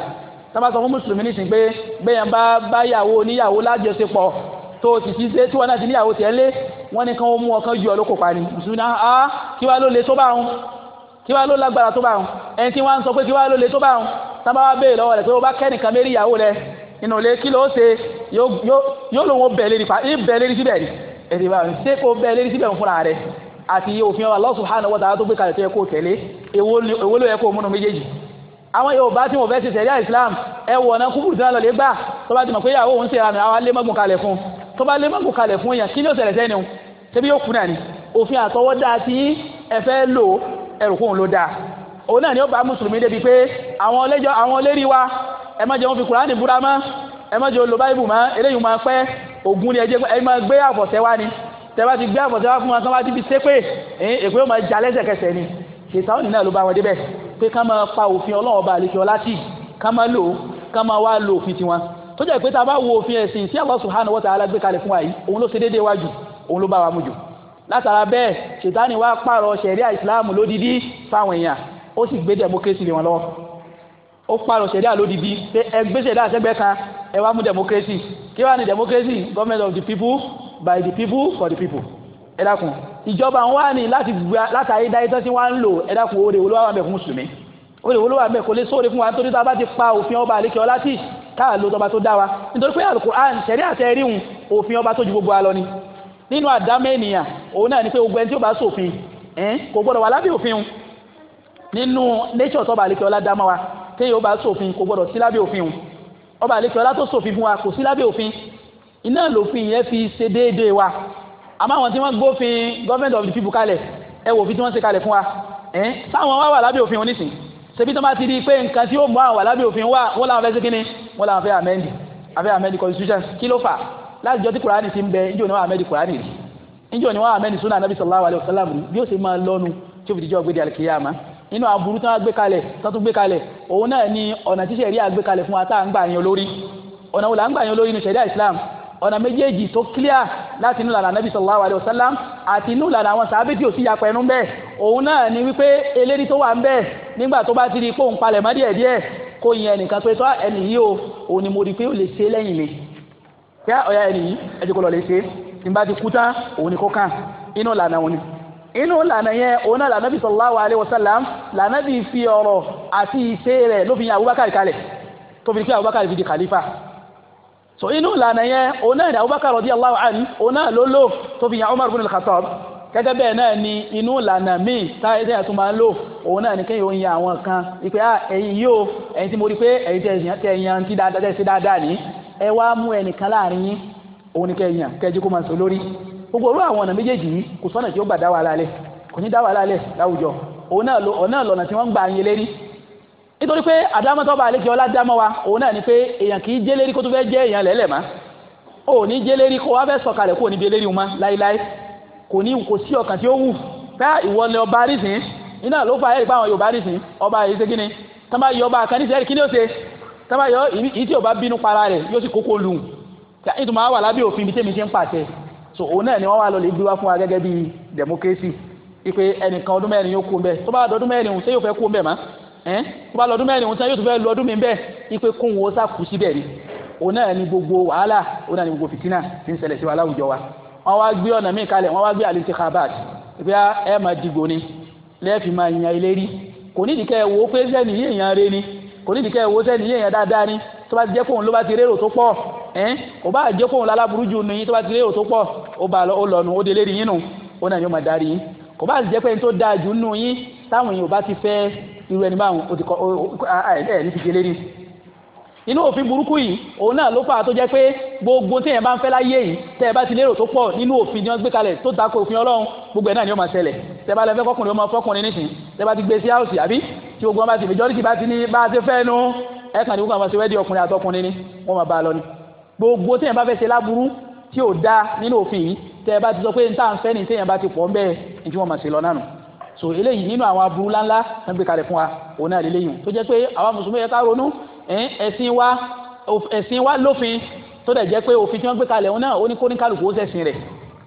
tán bá sọ fún mùsùlùmí nísìn pé bẹ́yẹn bá báyàwó oníyàwó lájọṣepọ̀ tó ti ti ṣe tí wọ́n náà ti níyàwó tiẹ̀ lé wọ́n ní kán ó mú ọkàn ju ọlọ́kọ̀ pa ni mùsùlùmí náà á ah, kí wàá ló le tó bá wọn kí wá ló lágbára tó bá wọn ẹni tí wọ́n sọ pé kí wá ló le tó bá wọn tábà wá béèrè lọ́wọ́ rẹ̀ pé ó bá kẹ́nìkan mérí ìyàwó rẹ̀ inú ilé kí ló ṣe yóò lòun ó bẹ̀ẹ́ lérí pa ní bẹ̀ẹ́ lérí síbẹ̀ ni ẹ̀sìn bá ṣé kó bẹ̀ẹ́ lérí síbẹ̀ fúnra rẹ̀ àti òfin Allah subhanahu wa ta'ala tó gbé kalẹ̀ tó yẹ kó tẹ̀lé èwo ló yẹ kó múnú méjèèjì àwọn Yorùbá tí wọ́n fẹ́ ṣe sẹ̀ríà Islam ẹ wọ̀ ọ̀nà kúkúrú tí wọ́n lọ lè gbà tó bá ti mọ̀ pé ìyàwó òun ṣe ìranù àwa lé mọ́gbọ̀n kalẹ̀ fún tó bá lé kalẹ̀ fún èèyàn kí ni ó ṣẹlẹ̀ sẹ́ni o ṣé bí yóò kú náà ni òfin àtọwọ́dá tí ẹ fẹ́ lò ẹrù fóun ló dáa òun náà ni ó bá mùsùlùmí débi pé àwọn ọlẹ́jọ́ àwọn ọlẹ́rí wa ẹ má jẹun fi kùránì búra mọ́ ẹ má jẹun lo báìbù mọ́ eléyìí máa pẹ́ ògùn ni ẹjẹ ẹ máa gbé àbọ̀sẹ̀ wá ni tẹ́wá ti gbé àbọ̀sẹ̀ wá fún wa kán wá díbi sépè èpè ó máa jà lẹ́sẹ̀kẹsẹ̀ ni ṣètàwọn náà ló bá wọn débẹ̀ pé ká máa pa òfin ọlọ́run ọba àlekè ọlá tì ká máa lò ká máa wá lo òfin tiwọn tó jẹ́ pé tá a bá wo òfin ẹ̀sìn tí Allah subhanahu wa ta'ala fún wa yìí òun ló ṣe déédéé wájú òun ló bá wa mú jù látara bẹ́ẹ̀ ṣètánì wá pààrọ̀ ṣẹ̀ríà ìsìláàmù lódìdí fáwọn èèyàn ó sì gbé democracy lé wọn lọ́wọ́ ó pààrọ̀ ṣẹ̀ríà lódìdí pé ẹ gbé ṣẹ̀ríà sẹ́gbẹ́ kan ẹ wá mú democracy kí wá ní democracy government of the people by the people for the people ẹ dákun ìjọba wọn wá ní láti gba látàrí dáyé tán tí wọn ń lò ẹ dákun oore wo ló wà wà mẹ fún mùsùlùmí oore wo ló wà mẹ kò lè sóore fún wa nítorí tá a bá ti pa òfin ọba àlékè ọlá tì káà ló tọba tó dá wa nítorí nínú àdámẹ́ òun náà ni pé ogun ẹni tí ó bá ṣòfin kò gbọ́dọ̀ wà lábẹ́ òfin nínú nature tọ́ba àlekẹ́ ọlá dámọ́ wa téèyàn ó bá ṣòfin kò gbọ́dọ̀ sí lábẹ́ òfin ọba àlekẹ́ tó ṣòfin fún wa kò sí lábẹ́ òfin iná lòfin yẹn fi ṣe déédéé wa àmọ́ àwọn tí wọ́n gbófin government of the people kalẹ̀ ẹ wò fi tí wọ́n ṣe kalẹ̀ fún wa sáwọn wá wà lábẹ́ òfin wọn nísìn ṣebí tó bá ti di pé nǹkan tí ó mú àwọn wà lábẹ́ òfin wà wọ́n làwọn fẹ́ láti jọ tí kùránì ti ń bẹ níjọ́ ni wọ́n àmẹ́dì kùránì rí níjọ́ ni wọ́n àmẹ́dì súnà anábì sallallahu alaihi wasallam rí bí ó ṣe máa lọ́nu tí ó fi dijọ́ gbéde alkiyama nínú aburú tán gbé kalẹ̀ tán tún gbé kalẹ̀ òun náà ni ọ̀nà tí sẹ̀ríà gbé kalẹ̀ fún wa tá à ń olórí ọ̀nà wo là ń olórí ní sẹ̀ríà Islam ọ̀nà méjèèjì tó clear láti inú lànà anábì sallallahu alaihi wasallam àti inú lànà àwọn sàábé tí ò sí yapa ẹnu bẹ́ẹ̀ òun náà ni wípé eléri tó wà ń bẹ́ẹ̀ nígbà tó bá ti di pé palẹ̀ mọ́ díẹ̀díẹ̀ kó yin ẹnìkan pé tó ẹnì yìí o òun ni mo rí pé ó lè ṣe lẹ́yìn mi kí ọ̀yá ẹni yìí ẹjẹ́ kó lọ lè ṣe tí n bá ti kú tán òun ni kó kàn inú lànà òun ni inú lànà yẹn òun náà lànà bí sallallahu alaihi wasallam lànà bí fi ọ̀rọ̀ àti ìṣe rẹ̀ ló fi yan Abubakar kalẹ̀ tó fi kí Abubakar fi di khalifa so inú lànà yẹn òun náà ni Abubakar radiyallahu anhu òun náà ló lò tó fi yan Umar ibn al-Khattab gẹ́gẹ́ bẹ́ẹ̀ náà ni inú ìlànà míì táyé àtún máa ń lò òun náà ni kí yóò yan àwọn kan ìpè à ẹ̀yin yóò ẹ̀yin tí mo rí pé ẹ̀yin tẹ̀ ẹ̀yin tí dáadáa tẹ̀ dáadáa ní ẹ wá mú ẹnìkan láàrin yín òun ni kẹyìn kẹjú kó máa sọ lórí gbogbo orú àwọn ọ̀nà méjèèjì yìí kò sọ́nà tí ó gbà dá wàhálà lẹ̀ kò ní dá wàhálà lẹ̀ láwùjọ òun náà lọ́nà tí wọ́n gbà yín lérí nítorí pé àdámọ́tọ́ bá àlékè ọlá dámọ́ wa òun náà ni pé èèyàn kì í jẹ́ lérí kó tó fẹ́ jẹ́ èèyàn lẹ́lẹ̀ má ò ní jẹ́ lérí kó wá fẹ́ sọ̀kalẹ̀ kó ní bí lérí wọn láíláí kò ní kò sí ọkàn tí ó wù pé ìwọ ni ọba nísìn iná ló fà ẹ́rì pé àwọn Yorùbá nísìn ọba yìí ṣe kí ni tán bá ọba kan nísìn kí ni ó ṣe tábàyọ ìyí tí ò bá bínú para rẹ̀ yóò sì kókó lù nítorí wà lábẹ́ òfin ibi tẹ́mi ti ń pàṣẹ so òun náà ni wọ́n wá lọ lè gbé fún wa gẹ́gẹ́ bí democracy ipe ẹnìkan ọdún mẹ́rin yóò kú bẹ́ẹ̀ tó bá lọ́dún mẹ́rin òun ṣé yóò fẹ́ kú bẹ́ẹ̀ má ẹ́n tó bá lọ́dún mẹ́rin òun ṣé yóò tún fẹ́ lọ ọdún mi bẹ́ẹ̀ ipe kóun ó sá kú síbẹ̀ ni òun náà ni gbogbo wàhálà òun náà ni gbogbo fìtínà ti ń ṣẹlẹ̀ sí wa láwùjọ wa wọ́n wá gbé ọ̀nà míì kalẹ̀ wọ́n wá gbé àlejò kabat ibi ẹ máa dìgbò ni lẹ́ẹ̀fì máa yan ilé rí kò nídìí kẹ́ ẹ pé sẹ́ni yéèyàn rẹ ni kò ní ìdíkẹ́ ìwọ sẹ́ni yẹn dáadáa ni tó bá ti jẹ́ fóun ló bá ti rérò tó pọ̀ ẹ́n kò bá jẹ́ fóun lálábùrú jù ní tó bá ti rérò tó pọ̀ ó bá ó lọ̀nù ó délé yín nù ó náà yóò máa darí yín kò bá ti jẹ́ pé ní tó dáa jù nù yín táwọn èèyàn bá ti fẹ́ irú ẹni báwọn ó ti kọ́ ẹ̀ ní ti délé rí inú òfin burúkú yìí òun náà ló fà á tó jẹ́ pé gbogbo téèyàn bá ń fẹ́ láyé yìí tẹ́ ẹ bá ti lérò tó pọ̀ nínú òfin tí wọ́n gbé kalẹ̀ tó tako òfin Ọlọ́run gbogbo ẹ̀ náà ni ó máa ṣẹlẹ̀ tẹ́ bá lọ fẹ́ kọkùnrin ó máa fọkùnrin nísìnyí tẹ́ bá ti gbé sí áùsì àbí tí gbogbo wọn bá ti majority bá ti ní bá a ti fẹ́ nu ẹ kàn ní gbogbo àwọn ti wẹ́ẹ́dì ọkùnrin àtọkùnrin ni wọ́n máa bá a lọ ni gbogbo téèyàn bá fẹ́ ṣe láburú tí ò dáa nínú òfin yìí tẹ́ ẹ bá ti sọ pé níta ń ni téèyàn bá ti pọ̀ ń bẹ́ẹ̀ ní tí wọ́n máa ṣe lọ nánu so eléyìí nínú àwọn aburú ńláńlá ń gbé kalẹ̀ fún wa òun náà lélẹ́yìn tó jẹ́ pé àwa mùsùlùmí yẹ ronú wa ẹ̀sìn wa lófin tó dẹ̀ jẹ́ pé òfin tí wọ́n gbé kalẹ̀ òun náà ó ní kó ní kálukú ó ṣẹ̀sìn rẹ̀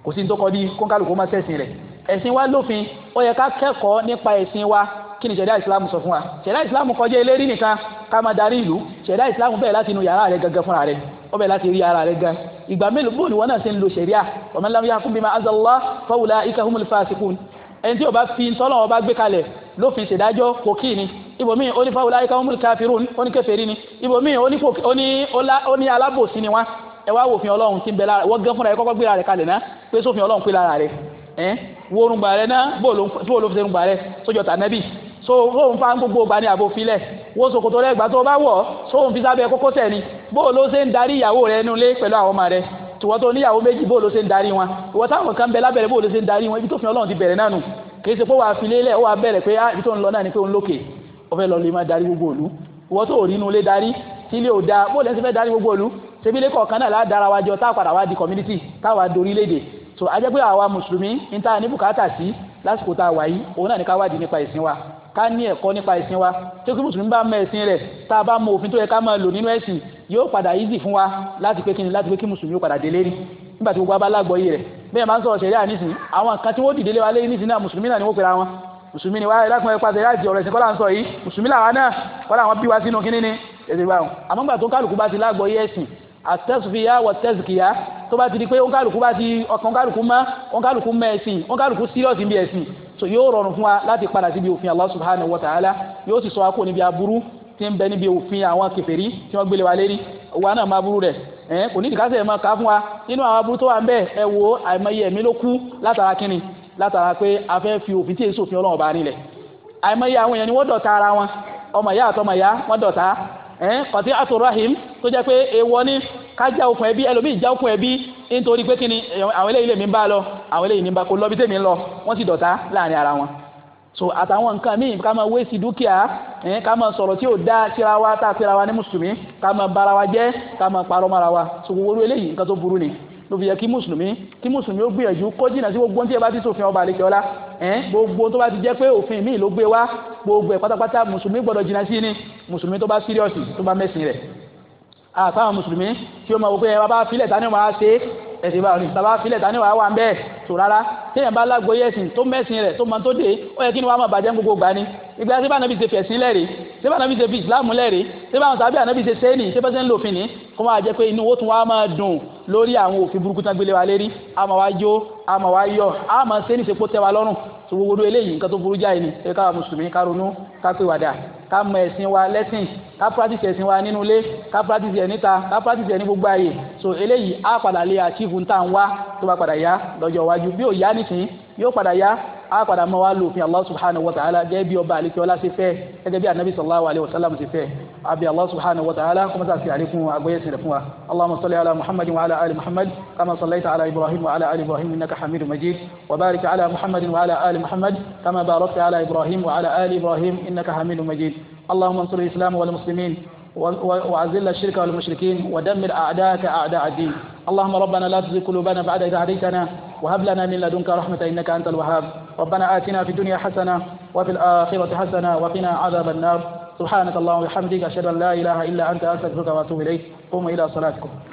kò sí ní tó kọ́ bí kó ní ẹ̀sìn wa lófin ó yẹ ká kẹ́kọ̀ọ́ nípa ẹ̀sìn wa kí ni ṣẹ̀dá ìsìlámù sọ fún wa ṣẹ̀dá ìsìlámù kọjá eléré nìkan ká máa darí ìlú ṣẹ̀dá ìsìlámù bẹ́ẹ̀ láti inú yàrá rẹ gangan fúnra rẹ ó bẹ̀rẹ̀ láti rí ara rẹ gan ìgbà mélòó bóòlù wọn náà ṣe ń lo ṣẹ̀ríà ọmọ ńlá yà fún bímọ azọlá fọwọlá ika humul fasikun ẹni tí ó bá fi tọ́lọ̀ ọba gbé kalẹ̀ lófin ṣèdájọ́ kò kí ni ibòmí ó ní fọwọlá ika humul kafirun ó ní kèfèrí ni ibòmí ó ní alábòsí ni wá ẹ wá wòfin ọlọ́run tí ń lára wọ́n gán fúnra ẹ kọ́kọ́ gbéra rẹ kalẹ̀ ná pé sófin ọlọ́run pé lára rẹ ẹ wo orun gbà rẹ náà bó o orun gbà rẹ sójọ tànẹ́bì so fóun fa gbogbo ìgbà ni àbò filẹ̀ wo ṣòkòtò rẹ ìgbà tó bá wọ̀ sóun fi sábẹ́ kókósẹ̀ ni bó ló ṣe ń darí ìyàwó rẹ nulẹ̀ pẹ̀lú àwọn ọmọ rẹ tìwọ́ tó níyàwó méjì bó ló ṣe ń darí wọn ìwọ táwọn kan bẹ lábẹ́rẹ́ bó ló ṣe ń darí wọn ibi tó fi ọlọ́run ti bẹ̀rẹ̀ náà nù kì í ṣe pé wàá fi lélẹ̀ ó wàá bẹ̀rẹ̀ pé ah, ibi tó ń lọ náà ni pé òun lókè ó lọ lè máa darí gbogbo òlu ìwọ tó rí nulẹ̀ darí tí ilé ò da bó lẹ́sìn fẹ́ darí gbogbo òlu ṣebí ilé kọ̀ọ̀kan náà ládàra wa jọ táà padà di community táwa dorí léde so ajẹ́ pé àwa mùsùlùmí ní tá a ní bùkátà sí lásìkò tá a wà yìí òun náà ní ká wádìí nípa ìsìn wa ká ní ẹ̀kọ́ nípa ẹ̀sìn wa tí kí mùsùlùmí bá mọ ẹ̀sìn rẹ̀ tá a bá mọ òfin tó yẹ ká máa lò nínú ẹ̀sìn yóò padà easy fún wa láti pé kí ni láti pé kí mùsùlùmí ó padà délé rí nígbà tí gbogbo abálágbọ̀ yìí rẹ̀ bẹ́ẹ̀ máa ń sọ̀rọ̀ ṣẹ̀ríà nísìn àwọn nǹkan tí wọ́n dìde lé wa lé nísìn náà mùsùlùmí náà ni wọ́n pera wọn mùsùlùmí ni wá ẹlẹ́kùnrin pàṣẹ láti ọ̀rọ̀ ẹ̀sìn kọ́lá ń sọ yìí mùsùlùmí làwa náà kọ́lá wọn bí wa sínú kínní ni èdè ìgbà wọn àmọ́ gbà tó kálukú bá ti lágbọ̀ yìí ẹ̀sìn àtẹ́sùfìyà wọ tẹ́sùkìyà tó bá ti di pé òǹkálukú bá ti ọkàn òǹkálukú mọ́ òǹkálukú mọ́ ẹ̀sìn òǹkálukú sírọ̀sì bí ẹ̀sìn so yóò rọrùn fún wa láti padà síbi òfin Allah subhanahu wa ta'ala yóò sì sọ wa kó níbi aburú tí ń bẹ níbi òfin àwọn kèfèrí tí wọ́n gbélé wa lérí wa náà máa burú rẹ̀ ẹ̀ kò ní ìdíkásẹ̀ ẹ̀ máa ká fún wa nínú àwọn aburú tó wà ń bẹ ẹ wo àìmọye ẹ̀mí ló kú látara kínni látara pé a fẹ́ fi òfin tí èso òfin Ọlọ́run bá nílẹ̀ àìmọye àwọn èèyàn ni wọ́n dọ̀ta ara wọn ọmọ ìyá àtọmọ ìyá wọ́n dọ̀ta ẹ̀ kọ̀tí àtòrọ́hìm tó jẹ́ pé èèwọ̀ ni kájá okùn ẹbí ẹlòmíì já okùn ẹbí nítorí pé kíni àwọn eléyìí lèmi ń bá lọ àwọn eléyìí ní bá kó lọ́bí tèmi ń lọ wọ́n ti dọ̀tá láàrin ara wọn so àtàwọn nǹkan míì ká máa wéṣì dúkìá ẹ̀yìn ká máa sọ̀rọ̀ tí ò dá síra wa tá a síra wa ní mùsùlùmí ká máa bára wa jẹ́ ká máa parọ́ mọ́ra wa so gbogbo orú eléyìí nǹkan tó burú ni ló fi yẹ kí mùsùlùmí kí mùsùlùmí ó gbìyànjú kó jìnnà sí gbogbo tí ẹ bá ti sòfin ọba àlekè ọlá ẹ̀ẹ́n gbogbo tó bá ti jẹ́ pé òfin míì ló gbé wá gbogbo ẹ̀ pátápátá mùsùlùmí gbọ́dọ̀ jìnnà sí ni mùsùlùmí tó bá sírìọ̀sì tó bá mẹ́sìn rẹ̀ àtàwọn mùsùlùmí tí ó mọ̀ wípé ẹwà bá filẹ̀ tání wàá ṣe ẹ̀sìn bá rìn bàbá filẹ̀ tání wàá wà ń bẹ́ẹ̀ tó rárá téèyàn bá lágbóyè ẹ̀sìn tó mẹ́sìn rẹ̀ tó mọ tó dé ó yẹ kí ni wàá mọ̀ bàjẹ́ gbogbo gbà ni ìgbà tí báwọn ṣe fẹ̀sìn lẹ́rìí tí báwọn ṣe fi ìsìláàmù lẹ́rìí tí báwọn tàbí ànábì ṣe sẹ́ẹ̀nì ṣé bẹ́sẹ̀ ń lò fìní kó máa jẹ́ pé inú owó tún wàá máa dùn lórí àwọn òfin burúkú tán gbélé wa lérí àmọ́ wá jó àmọ́ wa yọ àmọ́ ṣe ní ìṣepò tẹ́wa lọ́rùn tó gbogbo eléyìí nǹkan tó burú jáì ni ẹ káwa mùsùlùmí ká ronú ká pè wàdà ká mọ ẹ̀sìn wa lẹ́sìn ká practice ẹ̀sìn wa nínú ilé ká practice ẹ̀ níta ká practice ẹ̀ ní gbogbo ààyè so eléyìí á padà lè achieve ń tà ń wá tó bá padà yá lọ́jọ́ iwájú bí ò yá nìkín yóò padà yá apada mọ́ wá lòfin Allah subhanahu wa ta'ala je bí ọba àlekí ọlá ṣe fẹ́ gẹ́gẹ́ bí anabi sallallahu alaihi wasallam ṣe fẹ́ abi Allah subhanahu wa ta'ala kó mọ́tà sí àlékún agbóyèsí rẹ̀ fún wa Allahumma salli ala Muhammad wa ala ali Muhammad kama sallaita ala Ibrahim wa ala ali Ibrahim innaka Hamidum majid wa barik ala Muhammad wa ala ali Muhammad kama barakta ala Ibrahim wa ala ali Ibrahim innaka Hamidum majid Allahumma ansur al-islam wal muslimin وعزل الشرك والمشركين ودمر أعداءك أعداء الدين اللهم ربنا لا تزغ قلوبنا بعد إذا هديتنا وهب لنا من لدنك رحمة إنك أنت الوهاب ربنا آتنا في الدنيا حسنة وفي الآخرة حسنة وقنا عذاب النار سبحانك اللهم وبحمدك أشهد أن لا إله إلا أنت أستغفرك وأتوب إليك قوموا إلى صلاتكم